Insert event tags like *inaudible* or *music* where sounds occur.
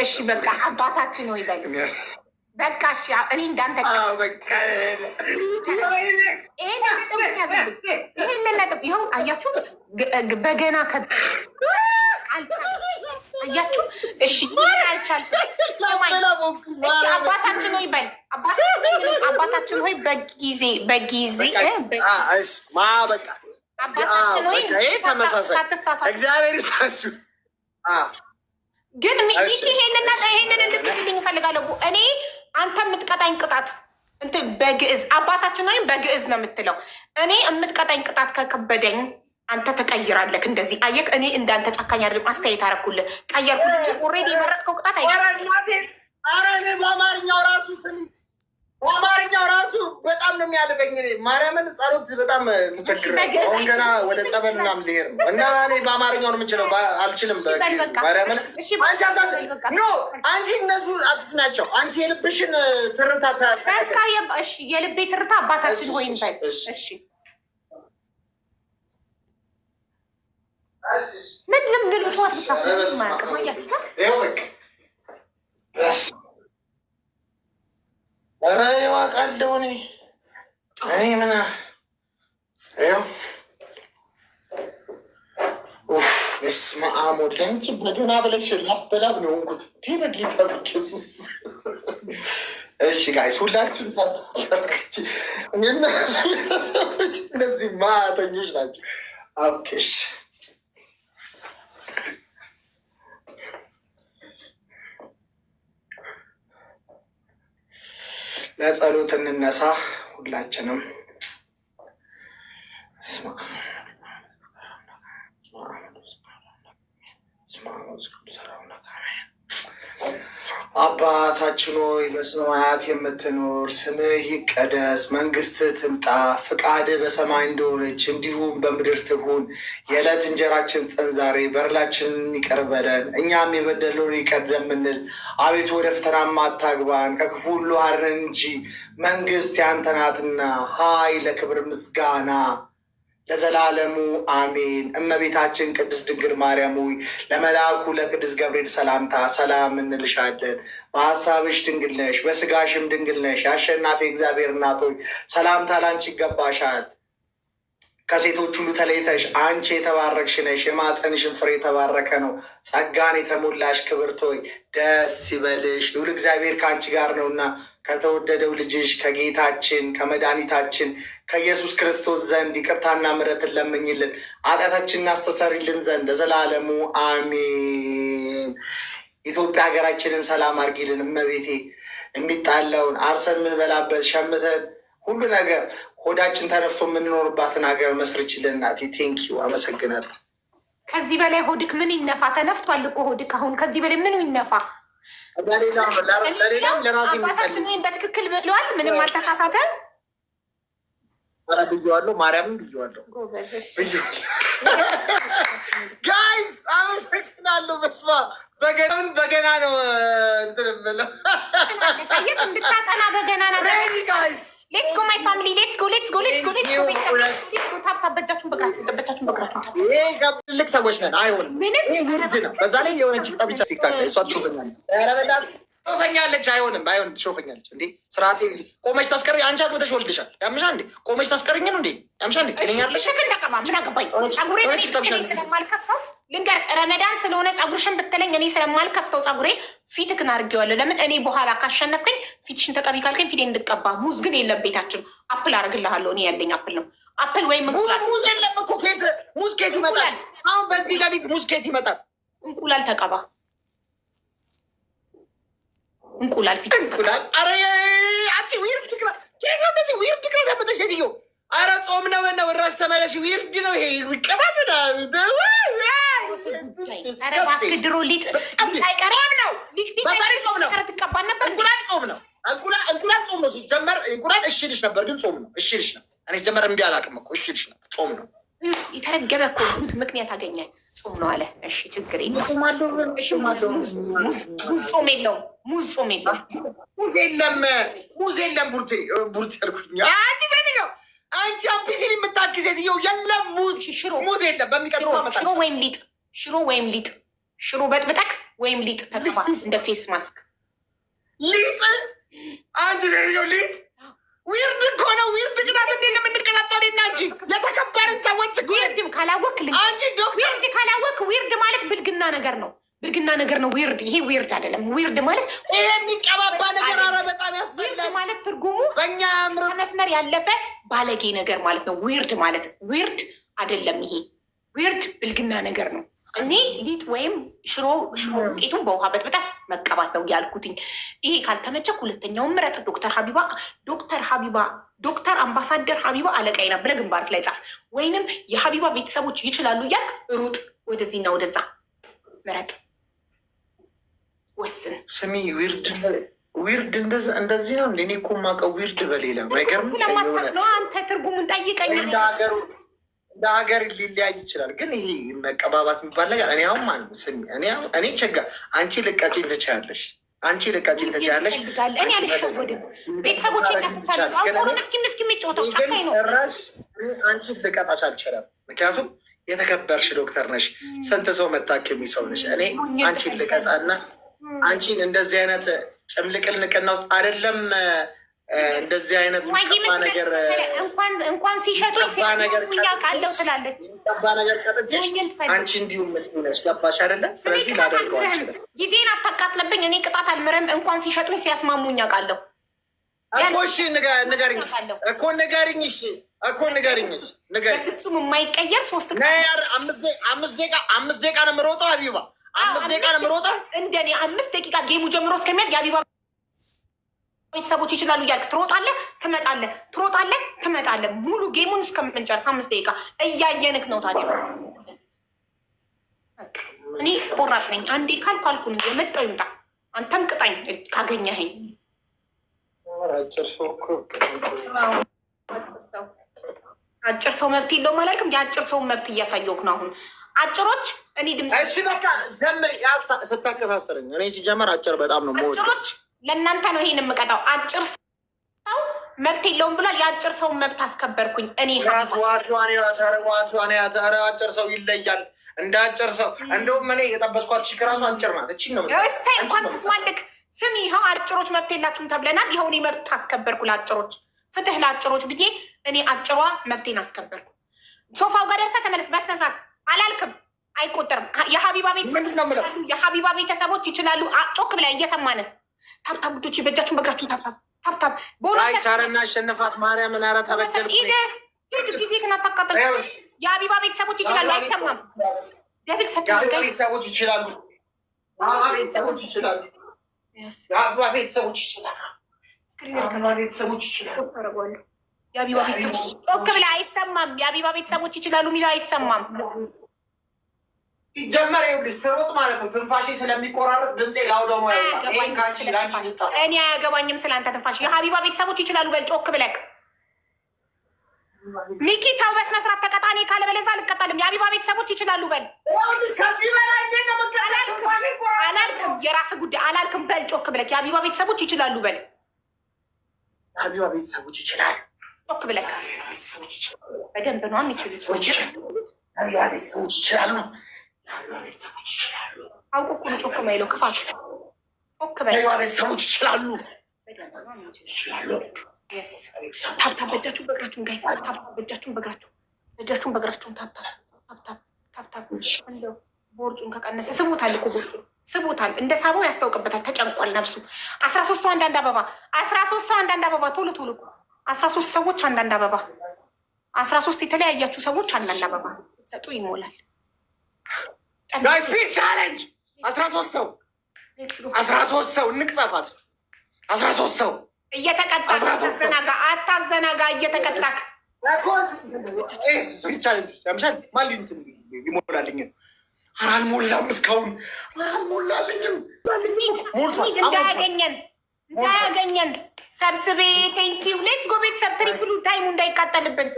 እሺ በቃ አባታችን ወይ በል በቃ እሺ፣ እኔ እንዳንተ ይህን ነጥብ ይኸው አያችሁ፣ በገና ከ አልቻልኩም። አያችሁ፣ እሺ አልቻልኩም። አባታችን ሆይ በል አባታችን ሆይ በጊዜ በጊዜ ማ በቃ እግዚአብሔር ይስጣችሁ። ግን ሚኪ ይሄንን እንድትይዝልኝ እፈልጋለሁ። እኔ አንተ የምትቀጣኝ ቅጣት እንትን በግዕዝ አባታችን ወይም በግዕዝ ነው የምትለው። እኔ የምትቀጣኝ ቅጣት ከከበደኝ አንተ ተቀይራለህ። እንደዚህ አየህ፣ እኔ እንዳንተ ጨካኝ አይደለም። አስተያየት አደረኩልህ፣ ቀየርኩልህ ኦልሬዲ የመረጥከው ቅጣት አይ ኧረ እኔ የሚያልበኝ ማርያምን ጸሎት በጣም ምቸግር አሁን ገና ወደ ጸበል ምናምን ልሄድ ነው እና እኔ በአማርኛው ነው የምችለው፣ አልችልም። ማርያምን አንቺ እነሱ አትስሚያቸው። አንቺ የልብሽን ትርታ የልቤ ትርታ አባታችን ሆይ እንታይ ምንድም ግልብቷት ማያቅ ያችሁ ረ ቀደውኔ أنا Nej, jag menar... Ja. Uff, اسمع عمود انت بغينا أنا شي لاب بلا بنوم كنت تي ما قلتها بالكسوس ايش جايز ولاتو نتا نينا صافيت أنا ما تنيش نتا اوكي لا صلوت النساء ሁላችንም አባታችን ሆይ በሰማያት የምትኖር ስምህ ይቀደስ፣ መንግስት ትምጣ፣ ፍቃድ በሰማይ እንደሆነች እንዲሁም በምድር ትሁን። የዕለት እንጀራችን ስጠን ዛሬ፣ በደላችንን ይቅር በለን እኛም የበደለውን ይቅር እንደምንል፣ አቤቱ ወደ ፈተናም አታግባን ከክፉ ሁሉ አድነን እንጂ መንግስት ያንተ ናትና ኃይል፣ ለክብር ምስጋና ለዘላለሙ አሜን። እመቤታችን ቅድስት ድንግል ማርያም ሆይ ለመልአኩ ለቅዱስ ገብርኤል ሰላምታ ሰላም እንልሻለን። በሀሳብሽ ድንግል ነሽ፣ በስጋሽም ድንግል ነሽ። የአሸናፊ እግዚአብሔር እናት ሆይ ሰላምታ ላንቺ ይገባሻል። ከሴቶች ሁሉ ተለይተሽ አንቺ የተባረክሽ ነሽ፣ የማፀንሽን ፍሬ የተባረከ ነው። ጸጋን የተሞላሽ ክብርት ሆይ ደስ ይበልሽ፣ ልዑል እግዚአብሔር ከአንቺ ጋር ነውና ከተወደደው ልጅሽ ከጌታችን ከመድኃኒታችን ከኢየሱስ ክርስቶስ ዘንድ ይቅርታና ምሕረትን ለምኝልን ኃጢአታችንን አስተሰሪልን ዘንድ ለዘላለሙ አሚን። ኢትዮጵያ ሀገራችንን ሰላም አርጊልን እመቤቴ። የሚጣለውን አርሰን የምንበላበት ሸምተን ሁሉ ነገር ሆዳችን ተረፍ የምንኖርባትን ሀገር መስርችልን። እናቴ ቴንኪው አመሰግናለሁ። ከዚህ በላይ ሆድክ ምን ይነፋ? ተነፍቷል እኮ ሆድክ። አሁን ከዚህ በላይ ምኑ ይነፋ? ለሌላም ለራሴ በትክክል ብለዋል። ምንም አልተሳሳተም። ብያዋለሁ፣ ማርያምን ብያዋለሁ። ጋይስ አመሰግናለሁ። በስማ በገናን በገና ነው እንትን የምለው እንድታጠና በገና ናት ጋይስ ሌትስ ጎ ማይ ፋሚሊ ሌትስ ጎ ሌትስ ጎ ሌትስ ጎ ሌትስ ጎ ሌትስ ጎ በእጃችሁን በእግራችሁን በእጃችሁን በእግራችሁን ታፕ። ይሄ ትልቅ ሰዎች ነን። አይሆንም። ይሄ ውርድ ነው። በዛ ላይ የሆነች ብቻ ሲክታ እሷ ትሾፈኛለች። ኧረ በእናትህ ሾፈኛለች። አይሆንም፣ አይሆንም። ትሾፈኛለች እንዴ! ስርዓት ቆመች ታስቀሪ። አንቺ አግብተሽ ወልድሻል። ያምሻ እንዴ? ቆመች ታስቀሪኝ ነው እንዴ? ያምሻ እንዴ? ጤነኛ አለሽ? ምን አገባኝ? ጸጉሬ ስለማልከፍተው ልንገር፣ ረመዳን ስለሆነ ጸጉርሽን ብትለኝ እኔ ስለማልከፍተው ጸጉሬ ፊትክን አድርጌዋለሁ። ለምን እኔ በኋላ ካሸነፍከኝ ፊትሽን ተቀቢ ካልከኝ ፊቴ እንድቀባ። ሙዝ ግን የለም ቤታችን። አፕል አደርግልሃለሁ። እኔ ያለኝ አፕል ነው። አፕል ወይም ሙዝ የለም እኮ። ሙዝ ኬት ይመጣል። አሁን በዚህ ሌሊት ሙዝ ኬት ይመጣል። እንቁላል ተቀባ እንቁላል ፊት እንቁላል። አረ አንቺ ዊርድ ክላ ቴጋ እንደዚህ ዊርድ ክላ ተመጠሽ ሴትዮ። አረ ጾም ነው እና ወራስ ተመለሽ። ዊርድ ነው ይሄ ቅባት ድሮ ሊጥ አይቀርም ነው ጾም ነው ትቀባል ነበር። እንቁላል ጾም ነው እንቁላል እንቁላል ጾም ነው ሲጀመር። እንቁላል እሺ ልሽ ነበር ግን ጾም ነው እሺ ልሽ ነው። እኔ ሲጀመር እምቢ አላውቅም እኮ እሺ ልሽ ነው ጾም ነው የተረገበ እኮ ምክንያት አገኘ ጾም ነው አለ። እሺ ችግር የለውም ጾም የለውም ሙዝ ጾም የለም፣ ሙዝ የለም፣ ሙዝ የለም። ቡርቴ ቡርቴ አልኩኝ። አንቺ አንቺ የምታክ የለም፣ ሙዝ ሽሮ፣ ሙዝ የለም። በሚቀጥለው ሽሮ ወይም ሊጥ፣ ሽሮ ወይም ሊጥ፣ ሽሮ በጥብጠቅ ወይም ሊጥ ተቀባ *laughs* እንደ ፌስ ማስክ። ሊጥ አንቺ ሊጥ ዊርድ እኮ ነው። ዊርድ ቅጣት እንዴ ሰዎች ካላወቅ አንቺ ዶክተር ዊርድ ካላወቅ ዊርድ ማለት ብልግና ነገር ነው። ብልግና ነገር ነው። ዊርድ ይሄ ዊርድ አይደለም። ዊርድ ማለት ይሄ የሚቀባባ ነገር፣ አረ በጣም ያስጠላል። ማለት ትርጉሙ በእኛ መስመር ያለፈ ባለጌ ነገር ማለት ነው። ዊርድ ማለት ዊርድ አይደለም። ይሄ ዊርድ ብልግና ነገር ነው። እኔ ሊጥ ወይም ሽሮ ሽሮ ውጤቱን hmm. በውሃ በጥብጣ መቀባት ነው ያልኩትኝ። ይሄ ካልተመቸ ሁለተኛውን ምረጥ። ዶክተር ሀቢባ ዶክተር ሀቢባ ዶክተር አምባሳደር ሀቢባ አለቃዬ ናት ብለህ ግንባርክ ላይ ጻፍ፣ ወይንም የሀቢባ ቤተሰቦች ይችላሉ እያልክ ሩጥ ወደዚህና ወደዛ ምረጥ። ወስን። ስሚ ዊርድ ዊርድ እንደዚህ ነው። እኔ እኮ የማውቀው ዊርድ ነገር አንተ ትርጉሙን ጠይቀኝ። እንደ ሀገር ሊለያይ ይችላል፣ ግን ይሄ መቀባባት የሚባል ነገር እኔ አሁን ማለት ስሚ እኔ ቸጋ አንቺ ልቃጭኝ ትችያለሽ አንቺ ልቃጭኝ ትችያለሽ። ጭራሽ አንቺ ልቀጣሽ አልችልም፣ ምክንያቱም የተከበርሽ ዶክተር ነሽ። ስንት ሰው መታክ የሚሰው ነሽ። እኔ አንቺን ልቀጣና አንቺን እንደዚህ አይነት ጭምልቅል ንቅና ውስጥ አይደለም። እንደዚህ አይነት ጠባ ነገር እንኳን ሲሸጡ ነገር ትላለች። ጠባ ነገር ቀጥቼሽ አንቺ እንዲሁ ምንነች ገባሽ አይደለ? ስለዚህ ላደርገው አልችልም። ጊዜን አታቃጥለብኝ። እኔ ቅጣት አልምርም። እንኳን ሲሸጡኝ ሲያስማሙኝ ያውቃለሁ እኮ። እሺ ንገሪኝ እኮ ንገሪኝ። እሺ እኮ ንገሪኝ ንገሪኝ። በፍጹም የማይቀየር ሶስት አምስት ደቂቃ አምስት ደቂቃ ነው የምሮጠው ሀቢባ አምስት ደቂቃ ነው የምሮጠው። እንደኔ አምስት ደቂቃ ጌሙ ጀምሮ እስከሚያድ የአቢባ ቤተሰቦች ይችላሉ እያልክ ትሮጣለህ፣ ትመጣለህ፣ ትሮጣለህ፣ ትመጣለህ። ሙሉ ጌሙን እስከምንጨርስ አምስት ደቂቃ እያየንክ ነው። ታዲያ እኔ ቆራጥ ነኝ። አንዴ ካልኩ አልኩን። የመጣው ይምጣ። አንተም ቅጣኝ ካገኘኸኝ። አጭር ሰው መብት የለውም አላልክም? የአጭር ሰውን መብት እያሳየውክ ነው አሁን አጭሮች እኔ ድምፅ እሺ፣ በቃ ጀምር። ስታቀሳስረኝ እኔ ሲጀመር አጭር በጣም ነው። አጭሮች ለእናንተ ነው ይሄን የምቀጣው። አጭር ሰው መብት የለውም ብሏል። የአጭር ሰውን መብት አስከበርኩኝ እኔ። አጭር ሰው ይለያል እንደ አጭር ሰው እንደውም እኔ የጠበስኳት አጭር ናት። እቺ ነው እንኳን ስሚ፣ ይኸው አጭሮች መብት የላችሁም ተብለናል። ይኸው እኔ መብት አስከበርኩ ለአጭሮች፣ ፍትህ ለአጭሮች ብዬ እኔ አጭሯ መብቴን አስከበርኩ። ሶፋው ጋር ደርሰህ ተመለስ በስነ ስርዓት አላልክም። አይቆጠርም። የሀቢባ የሀቢባ ቤተሰቦች ይችላሉ። ጮክ ብላ እየሰማንን ታብታብ ጉዶች በእጃችሁን በእግራችሁን ታብታብ ታብታብ ቦይ ሳረና አሸነፋት ማርያም ናራ ሄድ ጊዜ ግን አታቃጠል። የሀቢባ ቤተሰቦች ይችላሉ። አይሰማም። ደብል ቤተሰቦች ይችላሉ። ቤተሰቦች ይችላሉ። ቤተሰቦች ይችላሉ። ቤተሰቦች ይችላሉ። የአቢባ ቤተሰቦች ጮክ ብለህ አይሰማም። የአቢባ ቤተሰቦች ይችላሉ የሚለው አይሰማም። ሲጀመር ይኸውልሽ ስሮጥ ማለት ነው ትንፋሽ ስለሚቆራረጥ ድምፄ ላውደሞ እኔ አያገባኝም ስለአንተ ትንፋሽ። የሀቢባ ቤተሰቦች ይችላሉ በል ጮክ ብለህ ሚኪ ተው፣ በስነ ስርዓት ተቀጣ። እኔ ካለበለዚያ አልቀጣልም። የሀቢባ ቤተሰቦች ይችላሉ በል አላልክም። የራስህ ጉዳይ አላልክም። በል ጮክ ብለህ የሀቢባ ቤተሰቦች ይችላሉ በል የሀቢባ ቤተሰቦች ይችላሉ ቶክ ብለካል። በደንብ ነው የሚችሉት ሰዎች ይችላሉ። አውቆ እኮ ነው ጮክ ማይለው ክፋት ጮክ ቤተሰቦች ይችላሉ። ታብታብ በእጃችሁን በእግራችሁን ጋይ ታብታብ በእጃችሁን በእግራችሁ እጃችሁን በእግራችሁን ታብታብ ታብታብ ታብታብ እንደው ቦርጩን ከቀነሰ ስቦታል እኮ ቦርጩን ስቦታል። እንደ ሳበው ያስታውቅበታል። ተጨንቋል ነብሱ። አስራ ሶስት ሰው አንዳንድ አበባ አስራ ሶስት ሰው አንዳንድ አበባ ቶሎ ቶሎ አስራ ሶስት ሰዎች አንዳንድ አበባ አስራ ሶስት የተለያያችሁ ሰዎች አንዳንድ አበባ ሰጡ ይሞላል። ስፒድ አስራ ሶስት ሰው አስራ ሶስት ሰው አስራ ሶስት ሰው እየተቀጣ አታዘናጋ፣ አታዘናጋ እየተቀጣክ ስፒድ ይሞላልኝ አልሞላም፣ እስካሁን አልሞላልኝም። እንዳያገኘን እንዳያገኘን ሰብስቤ ቴንኪው ሌትስ ጎ ቤተሰብ ትሪፕሉ ታይሙ እንዳይቃጠልብን